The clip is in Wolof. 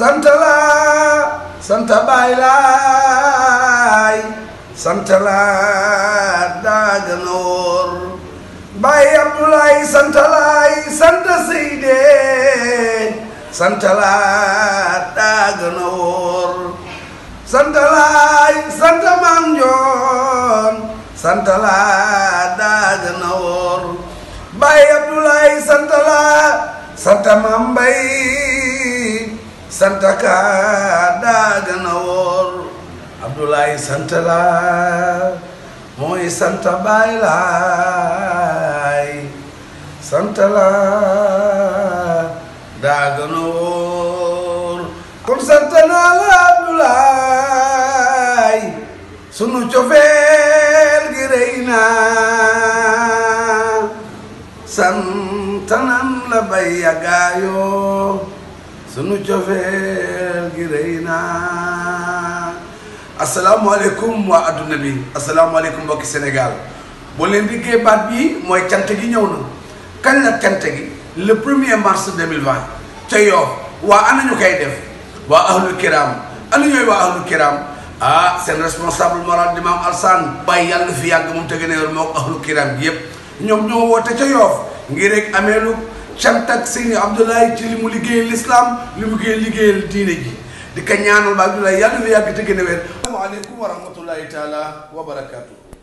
sant laa sant baay laay sant laa daa gën a wóor baay Abdoulaay sant laay sant Seyde sant laa daa gën a wóor sant laay sant Maam Njoon sant santaka daa gën a wóor Abdoulaye sant la mooy sant baay laay sant la daa gën a wóor kon la Abdoulaye sunu cofeel gi rëy na nan la bay yagaayoo sunu cofeel gi rëy naa asalaamualeykum waa adduna bi asalaamualeykum mbokki Sénégal boo leen diggee baat bi mooy cant gi ñëw na kañ la cant gi le premier mars 2020 ca Yoff waa ana ñu koy def waa ahlu kiram ana ñooy waa ahlu kiram ah seen responsable moral di maam Alsaan bàyyi yàlla fi yàgg moom te gën a yor ahlu kiram yépp ñoom ñoo woote ca Yoff ngir rek amee lu cant ak Sëriñ Abdoulaye ci li mu liggéeyal lislaam li mu liggéeyal liggéeyal diine ji di ko ñaanal ba Abdoulaye yàlla na yàgg te gën a wér. asalaamaaleykum wa rahmatullahi taala wa barakaatu.